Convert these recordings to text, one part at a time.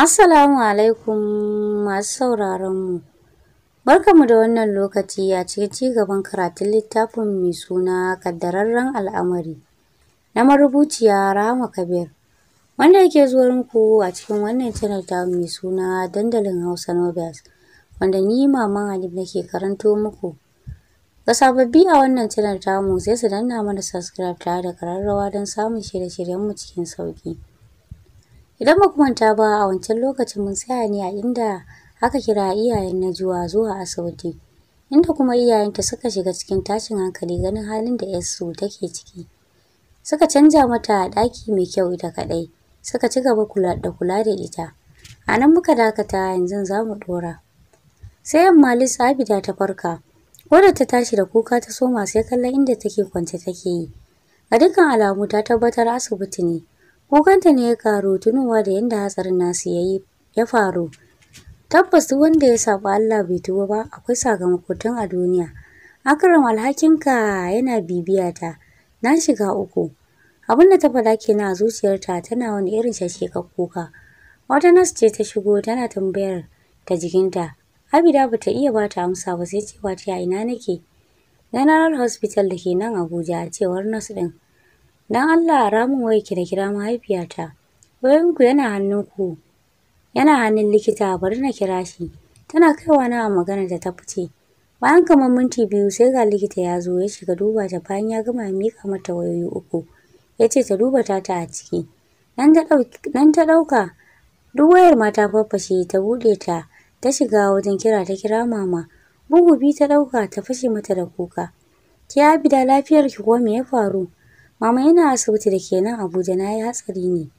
Assalamu alaikum masu sauraronmu. mu da wannan lokaci a cikin gaban karatun littafin mai suna kaddararren al'amari na marubuciya Rahama Kabir wanda yake zuwa muku a cikin wannan channel ta mai suna dandalin Hausa Novels wanda ni maman Ali nake karanto muku. Ga sababbi a wannan channel mu sai su danna mana subscribe ta da kararrawa don samun shirye-shiryenmu cikin sauƙi. Idan ba manta ba a wancan lokacin mun tsaya ne a inda aka kira iyayen Najuwa zuwa asibiti, inda kuma iyayenta suka shiga cikin tashin hankali ganin halin da ‘yarsu take ciki. Suka canja mata ɗaki mai kyau ita kaɗai, suka ci gaba da kula da ita. A nan muka dakata yanzu za mu ɗora. Sai yamma Lisa Abida ta farka, wadda ta tashi da kuka ta soma sai kallon inda take kwance take yi. A dukkan alamu ta tabbatar asibiti ne, Kukanta ne ya karu tunuwa da yadda hatsarin nasu ya yi ya faru. Tabbas duk wanda ya saba Allah bai tuba ba akwai sakamako tun a duniya. Akram alhakinka yana bibiya ta. Na shiga uku. Abin da ta faɗa kenan a zuciyarta tana wani irin ka kuka. Wata nas ce ta shigo tana tambayar ta jikinta. Abida ba ta iya ba ta amsa ba sai cewa ta ina nake. General Hospital da ke nan Abuja a cewar nas ɗin. dan Allah ramin wai wayarki da kira mahaifiyata. Wayanku yana hannunku, yana hannun likita bari na kira shi. Tana kaiwa na magana da ta fice. Bayan kamar minti biyu sai ga likita ya zo ya shiga duba ta bayan ya gama mika mata wayoyi uku. Ya ce ta duba ta ta a ciki. Nan ta ɗauka duk wayar ma ta farfashe ta buɗe ta ta shiga wajen kira ta kira mama. Bugu biyu ta ɗauka ta fashe mata da kuka. Ki Abida lafiyarki ko me ya faru? Mama yana asibiti da ke nan Abuja na yi hatsari ne.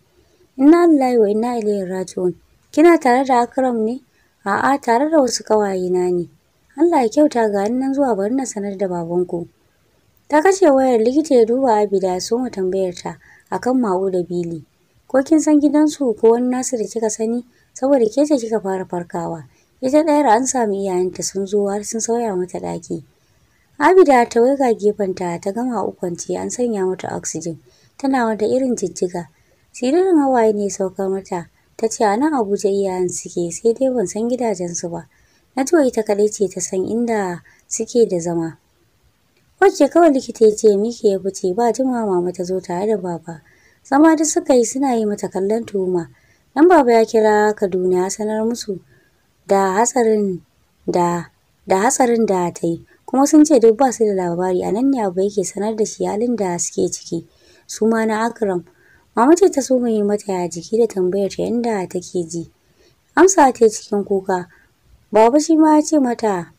Inna lillahi wa inna ilaihi raji'un. Kina tare da Akram ne? A'a tare da wasu na ne. Allah ya kyauta ga nan zuwa bari na sanar da babanku. Ta kashe wayar likita ya duba Abida ya soma tambayar ta akan Ma'u da Bili. Ko kin san gidansu ko wani nasu da kika sani saboda ke ce kika fara farkawa. Ita ɗayar an sami iyayenta sun zo har sun sauya mata ɗaki. Abida ta waiga gefenta ta gama ukwance an sanya mata oxygen. Tana wata irin jijjiga. Siririn hawaye ne saukar mata. Ta ce a nan Abuja iyayen suke sai dai ban san gidajensu ba. Na Najwa ita kaɗai ce ta san inda suke da zama. Wacce kawai likita ya ce miki ya fice ba jimawa mama ta zo tare da baba. Zama da suka yi suna yi mata kallon tuhuma. Dan baba ya kira Kaduna ya sanar musu da hatsarin da da hatsarin da ta yi. kuma sun ce duk ba su da labari a nan ne abu yake sanar da shi halin da suke ciki su ma na akram mama ce ta so yi mata ya jiki da tambayar ta yanda take ji amsa ta cikin kuka baba shi ma ya ce mata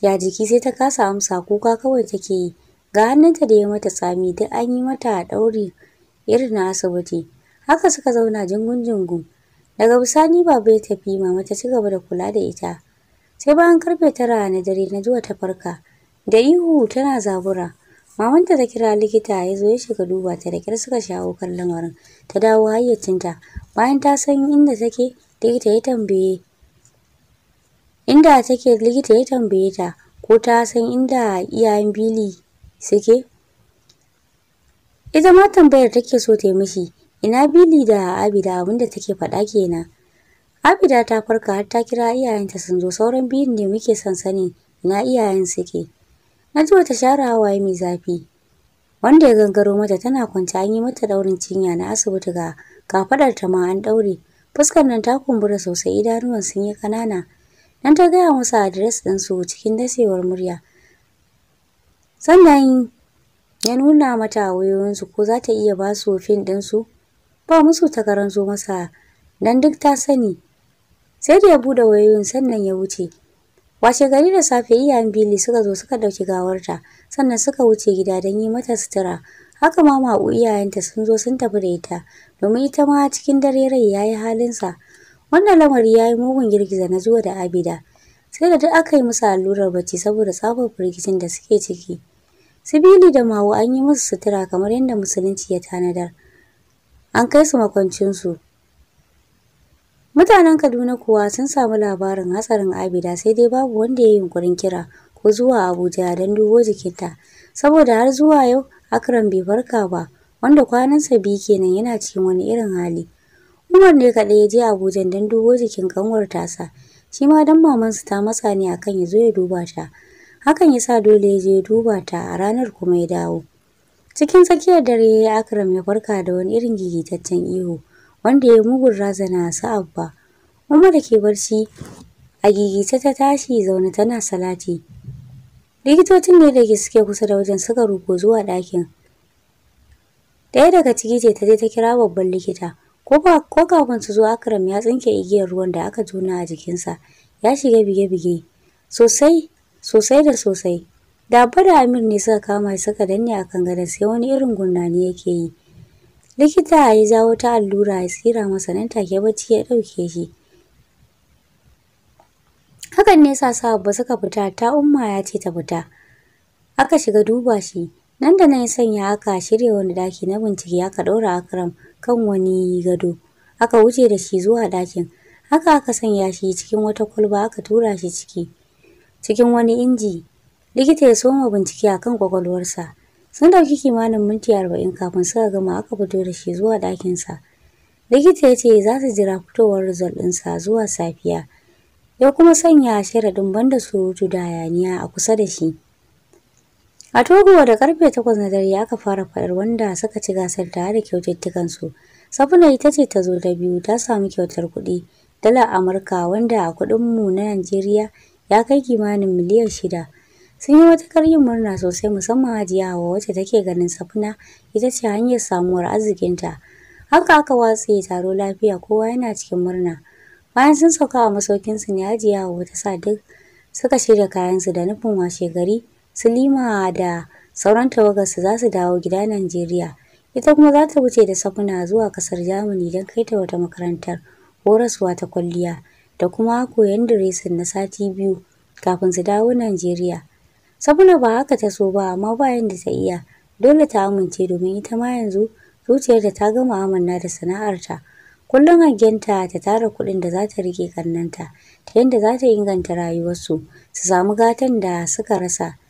ya jiki sai ta kasa amsa kuka kawai take yi ga hannunta da ya mata tsami duk an yi mata ɗauri irin na asibiti haka suka zauna jingun-jingun daga bisani baba ya tafi mama ta ci gaba da kula da ita Sai bayan karfe tara na dare na zuwa ta farka. Da ihu tana zabura. Mamanta ta kira likita ya zo ya shiga duba ta da kyar suka shawo kan lamarin. Ta dawo hayyacinta. Bayan ta san inda take, likita ya tambaye inda take likita ya tambaye ta ko ta san inda iyayen bili suke. Ita ma tambayar take so ta yi mishi, ina bili da Abida abinda take faɗa kenan. Abida ta farka har ta kira iyayenta sun zo sauran biyun ne muke son sani ina iyayen suke. Najwa wata share hawaye mai zafi wanda ya gangaro mata tana kwance an yi mata daurin cinya na asibiti ga kafadar ta ma an daure. Fuskar nan ta kumbura sosai idanuwan sun yi kanana. Nan ta gaya musu adres din su cikin dasewar murya. Sannan ya nuna mata wayoyinsu ko za ta iya basu su fin ɗinsu. Ba musu ta karanzo masa dan duk ta sani sai da ya buɗe wayoyin sannan ya wuce washe gari da safe iyayen bili suka zo suka ɗauki gawarta sannan suka wuce gida don yi mata sutura haka ma ma'u iyayenta sun zo sun tafi da ita domin ita ma cikin dare rai ya yi halinsa wannan lamari ya yi mugun girgiza na zuwa da abida sai da duk aka yi musu allurar bacci saboda tsabar firgicin da suke ciki sibili da mawu an yi musu sutura kamar yadda musulunci ya tanadar an kai su makwancinsu Mutanen Kaduna kuwa sun samu labarin hatsarin Abida sai dai babu wanda ya yi yunkurin kira ko zuwa Abuja don dubo jikinta saboda har zuwa yau Akram bai farka ba wanda kwanansa biyu kenan yana cikin wani irin hali. Umar ne kaɗai ya je Abuja don dubo jikin kanwar tasa shi ma dan mamansu ta matsa ne akan ya zo ya duba ta. Hakan ya sa dole ya je ya duba ta a ranar kuma ya dawo. Cikin tsakiyar dare ya yi Akram ya farka da wani irin gigitaccen ihu. wanda ya mugun razana su ba, Umar da ke barci a gigice ta tashi zaune tana salati. Likitocin ne da ke suke kusa da wajen suka ruko zuwa ɗakin. Daya daga ciki ce ta je ta kira babban likita. Ko kafin su zo Akram ya tsinke igiyar ruwan da aka juna a jikinsa. Ya shiga bige-bige. Sosai, sosai da sosai. Dabba da Amir ne suka kama shi suka danne akan gadon sai wani irin gurnani yake yi. Likita ya jawo ta allura ya tsira masa nan take bacci ya ɗauke shi. Hakan ne sa ba suka fita ta umma ya ce ta fita. Aka shiga duba shi, nan da nan ya sanya aka shirya wani daki na bincike aka ɗora Akram kan wani gado. Aka wuce da shi zuwa dakin, haka aka sanya shi cikin wata kwalba aka tura shi ciki. Cikin wani inji, likita ya soma bincike akan kwakwalwarsa. Sun ɗauki kimanin minti arba'in kafin suka gama aka fito da shi zuwa ɗakinsa. Likita ya ce za su jira fitowar result ɗinsa zuwa safiya. Ya kuma sanya sharaɗin banda surutu da hayaniya a kusa da shi. A Togo da karfe takwas na dare aka fara faɗar wanda suka ci gasar tare da su Safina ita ce ta zo da biyu ta samu kyautar kuɗi dalar Amurka wanda a kuɗinmu na Najeriya ya kai kimanin miliyan shida. Sun yi wata yin murna sosai musamman Hajiya wa wacce take ganin Safina ita ce hanyar samuwar arzikinta. Haka aka watse taro lafiya kowa yana cikin murna. Bayan sun sauka a masaukinsu ne Hajiya wa wata sa duk suka shirya kayansu da nufin washe gari. Sulima da sauran tawagarsu za su dawo gida Najeriya. Ita kuma za ta wuce da Safina zuwa ƙasar Germany don kai ta wata makarantar horaswa ta kwalliya da kuma koyon diresin na sati biyu kafin su dawo Najeriya. Sabuna ba haka ta so ba amma ba yanda ta iya. Dole ta amince domin ita ma yanzu zuciyarta ta gama amanna da sana'arta. Kullum hangenta ta tara kuɗin da za ta rike kannanta ta yanda za ta inganta rayuwarsu su samu gatan da suka rasa.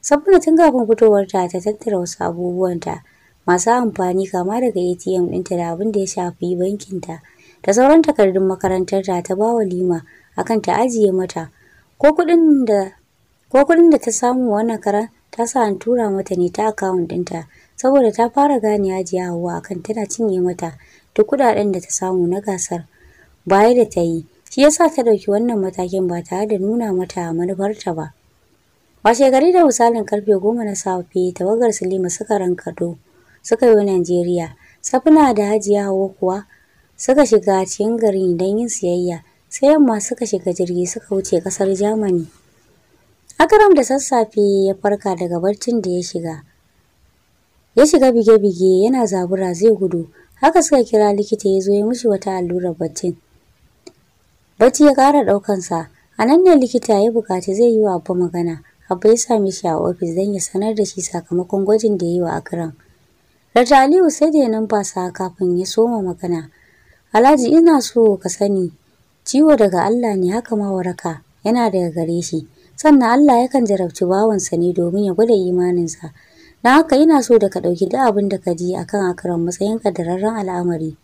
Sabuna tun kafin fitowarta ta tattara wasu abubuwanta masu amfani kama daga ATM ɗinta da abin da ya shafi bankinta Ta sauran takardun makarantarta ta ba wa Lima akan ta ajiye mata ko kuɗin da Ko kuɗin da ta samu wannan kara ta sa an tura mata ne ta akawun ɗinta saboda ta fara gane Hajiya Hauwa akan tana cinye mata duk kuɗaɗen da ta samu na gasar baya da ta yi. Shi yasa ta ɗauki wannan matakin ba tare da nuna mata manufarta ba. Washe gari da misalin karfe goma na safe tawagar Salima suka rankado suka yi wa Najeriya. Safina da Hajiya hawa kuwa suka shiga cikin gari don yin siyayya sai yamma suka shiga jirgi suka wuce ƙasar Jamani. Akram da sassafe ya farka daga barcin da ya shiga. Ya shiga bige-bige yana zabura zai gudu, haka suka kira likita ya zo ya mishi wata allurar barcin. Bacci ya ƙara ɗaukansa, a nan ne likita ya buƙaci zai yi wa Abba magana, Abba ya same shi a ofis don ya sanar da shi sakamakon gwajin da ya yi wa Akram. Rata Aliyu sai da ya numfasa kafin ya soma magana. Alhaji ina so ka sani, ciwo daga Allah ne haka ma waraka yana daga gare shi. sannan Allah yakan jarabci bawansa ne domin ya gwada imaninsa na haka ina so da ka ɗauki duk abin da ka ji a akan akaran matsayin kadararren al'amari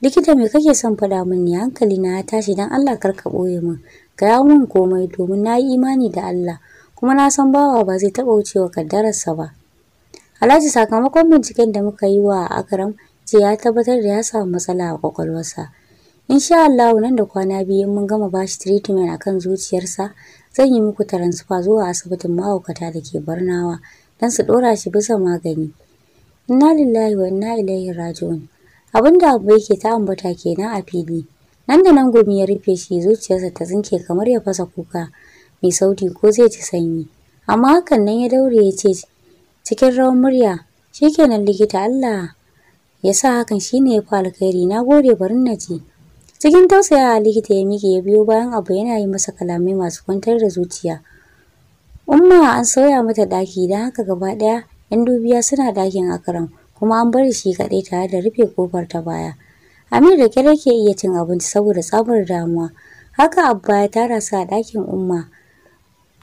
likita me kake son faɗa min ne hankali na ya tashi don Allah kar ka ɓoye min gaya mun komai domin na yi imani da Allah kuma na san bawa ba zai taɓa wucewa kaddararsa ba Alhaji sakamakon binciken da muka yi wa akaram, ce ya tabbatar da ya samu matsala a kwakwalwarsa. Insha Allah nan da kwana biyu mun gama bashi treatment akan zuciyarsa zan yi muku taransifa zuwa asibitin mahaukata da ke Barnawa don su ɗora shi bisa magani. Inna lillahi wa inna ilaihi raji'un. Abin da abu yake ta ambata kenan a fili. Nan da nan gumi ya rufe shi zuciyarsa ta zinke kamar ya fasa kuka mai sauti ko zai ci sanyi. Amma hakan nan ya daure ya ce cikin rawan murya shikenan likita Allah ya sa hakan shine ya fi alkhairi na gode bari na ji. Cikin tausayawa likita ya miƙe ya biyo bayan abu yana yi masa kalamai masu kwantar da zuciya. Umma an sauya mata ɗaki don haka gaba ɗaya 'yan dubiya suna ɗakin akaram kuma an bari shi kaɗai tare da rufe kofar ta baya. Amir da kyar yake iya cin abinci saboda tsabar damuwa. Haka Abba ya tara su a ɗakin Umma.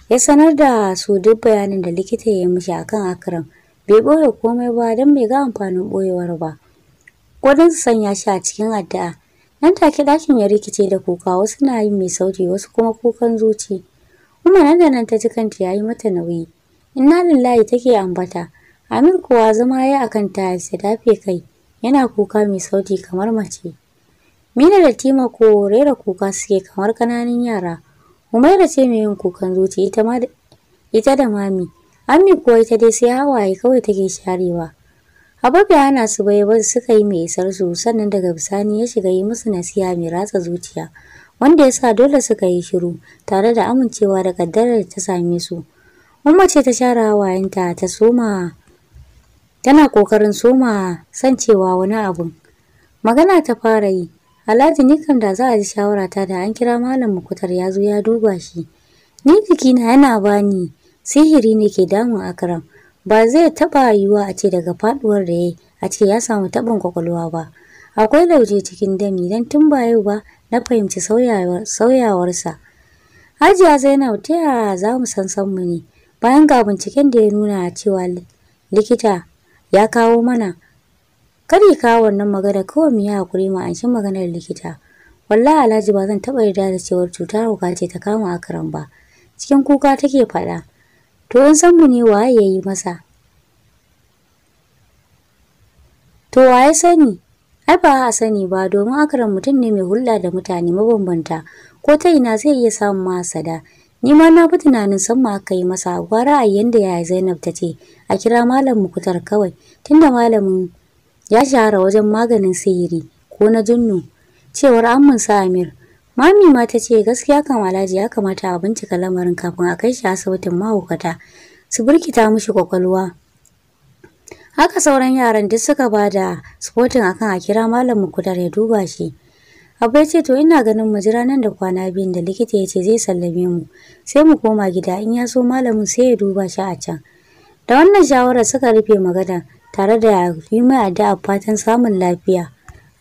Ya sanar da su duk bayanin da likita ya yi mishi akan Akram. Bai ɓoye komai ba don bai ga amfanin ɓoyewar ba. Gwadon su sanya shi a cikin addu'a Nan take dakin ya rikice da kuka wasu na yi mai sauti wasu kuma kukan zuci. Kuma nan da nan ta ji kanta ya yi mata nauyi. Inna lillahi take ambata. Amir kuwa zama ya akan tayarsa dafe kai yana kuka mai sauti kamar mace. Mina da Tima ko rera kuka suke kamar kananan yara. Umaira ce mai yin kukan zuci ita ma ita da mami. Ammi kuwa ita dai sai hawaye kawai take sharewa. Abubuwa bai su bai suka yi mai isar su sannan daga bisani ya shiga yi musu nasiha mai ratsa zuciya wanda ya sa dole suka yi shiru tare da amincewa da kaddarar ta same su. Umma ce ta share hawayenta ta soma tana kokarin soma san cewa wani abun. Magana ta fara yi Alhaji ni kam da za a ji shawarata da an kira malam mukutar ya zo ya duba shi. Ni jikina yana bani sihiri ne ke damun Akram. ba zai taɓa yiwuwa a ce daga faɗuwar da ya a ce ya samu tabin kwakwalwa ba akwai lauje cikin dami don tun ba yau ba na fahimci sauyawarsa hajiya zainab ta yaya za mu san mu ne bayan ga binciken da ya nuna cewa likita ya kawo mana kar ya kawo wannan magana kawai mu yi hakuri mu anshi maganar likita wallahi alhaji ba zan taba yarda da cewar cutar hauka ce ta kama akaram ba cikin kuka take faɗa to in san mu ne waye ya yi masa to waye sani ai ba a sani ba domin akaran mutum ne mai hulɗa da mutane mabambanta ko ta ina zai iya samun masada ni ma na fi tunanin san ma aka yi masa gwara a yanda yaya Zainab ta ce a kira malam mukutar kawai tunda malamin ya shahara wajen maganin sihiri ko na jinnu cewar amman sa Amir Mami ma ta ce gaskiya kan Alhaji ya kamata a bincika lamarin kafin a kai shi asibitin mahaukata su birkita mishi kwakwalwa. Haka sauran yaran duk suka ba da sporting akan a kira malam kudar ya duba shi. ya ce to ina ganin mu jira nan da kwana biyu da likita ya ce zai sallame mu sai mu koma gida in ya so malamin sai ya duba shi a can. Da wannan shawarar suka rufe magana tare da yi mai addu'a fatan samun lafiya.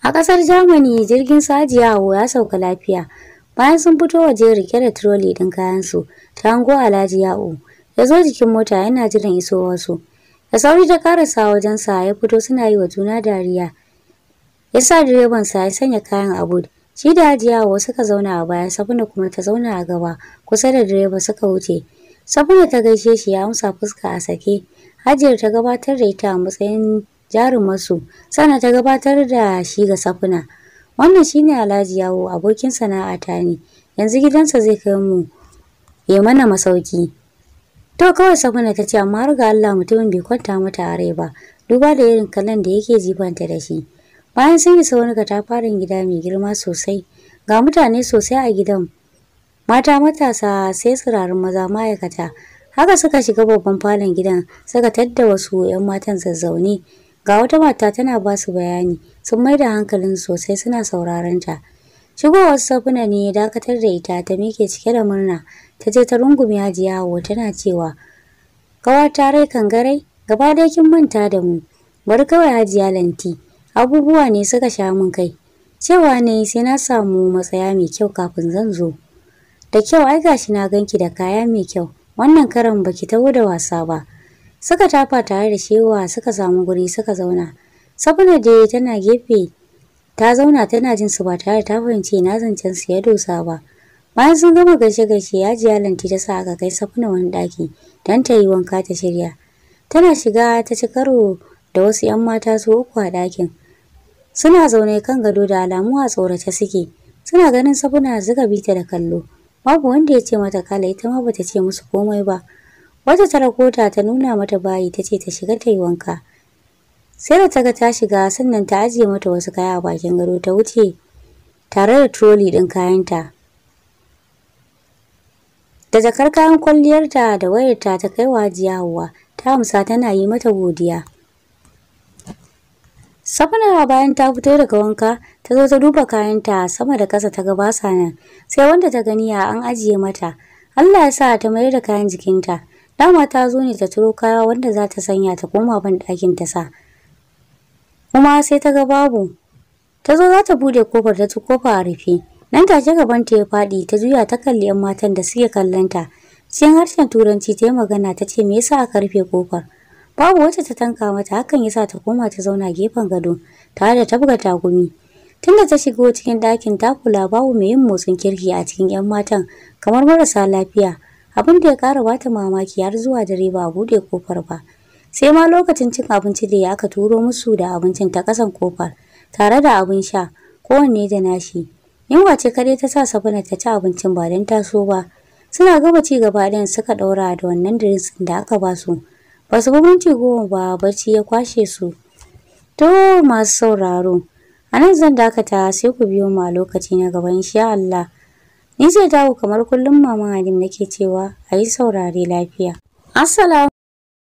A ƙasar Germany jirgin Sajiyawo ya sauka lafiya. Bayan sun fito waje rike da trolley ɗin kayansu, ta hango Alhaji Ya'u. Ya zo jikin mota yana jiran isowarsu. Da sauri ta karasa sa ya fito suna yi wa juna dariya. Ya sa direban sa ya sanya kayan abu. Shi da Hajiyawo suka zauna a baya, Sabuna kuma ta zauna a gaba, kusa da direba suka wuce. Sabuna ta gaishe shi ya amsa fuska a sake. Hajiyar ta gabatar da ita a matsayin jarumarsu sannan ta gabatar da shi ga safuna wannan shine alhaji yawo abokin ta ne yanzu gidansa zai kai mu ya mana masauki to kawai safuna ta ce amma har ga Allah mutumin bai kwanta mata a ba duba da irin kallon da yake jifanta da shi bayan sun isa wani katafaren gida mai girma sosai ga mutane sosai a gidan mata matasa sai tsirarin maza ma'aikata haka suka shiga babban falon gidan suka tadda wasu 'yan matan zazzaune Ga wata mata tana ba su bayani, sun mai da hankalin sosai suna sauraron ta. Shigowar safuna ne ya dakatar da ita ta mike cike da murna, ta je ta rungumi hajiya yawo tana cewa, Kawar ta kan garai gaba da kin manta da mu, bari kawai hajiya lanti, abubuwa ne suka sha mun kai. Cewa ne sai na samu matsaya mai kyau kafin zan zo. Da kyau ai gashi na ganki da kaya mai kyau, wannan karan baki taho da wasa ba. Suka tafa tare da shewa suka samu guri suka zauna. Sabuna dai tana gefe ta zauna tana jin su ba tare ta fahimci na zancen su ya dosa ba. Bayan sun gama gaishe gaishe ya ji yalanti ta sa aka kai Sabuna wani ɗaki don ta yi wanka ta shirya. Tana shiga ta ci karo da wasu 'yan mata su uku a ɗakin. Suna zaune kan gado da alamu a tsorace suke. Suna ganin Sabuna zuga bita da kallo. Babu wanda ya ce mata kala ita ma bata ce musu komai ba. Wata tarakota ta nuna mata bayi tace ta shiga ta yi wanka. Sai da ta ta shiga sannan ta ajiye mata wasu kaya a bakin gado ta wuce tare da troli din kayanta. Da jakar kayan kwalliyarta da wayarta ta kai wa Hajiya Hauwa ta amsa tana yi mata godiya. Safinawa bayan ta fito daga wanka ta zo ta duba kayanta sama da ƙasa ta ga basa nan sai wanda ta gani a an ajiye mata. Allah ya sa ta mayar da kayan jikinta. Dama ta zo ne ta turo kaya wanda za ta sanya ta koma ban ɗakin ta sa. Kuma sai ta ga babu. Ta zo za ta bude kofar ta ci kofa a rufe. Nan ta gaban ta ya faɗi ta juya ta kalli 'yan matan da suke kallonta. Cikin harshen Turanci ta yi magana ta ce me yasa aka rufe kofar. Babu wacce ta tanka mata hakan yasa ta koma ta zauna gefen gado tare da buga takumi. Tunda ta shigo cikin ɗakin ta kula babu mai yin motsin kirki a cikin 'yan matan kamar marasa lafiya. abin da ya kara bata mamaki har zuwa dare ba a buɗe kofar ba sai ma lokacin cin abinci da ya aka turo musu da abincin ta kasan kofar tare da abin sha kowanne da nashi yunwa ce kadai ta sa sabina ta ci abincin ba don taso ba suna gaba ci gaba ɗin suka ɗaura da wannan drinks da aka ba su ba su minti goma ba bacci ya kwashe su to masu sauraro a nan zan dakata sai ku biyo ma lokaci na gaban insha Allah Ni zai dawo kamar kullum Mama Halim nake cewa a yi saurare lafiya. Assalamu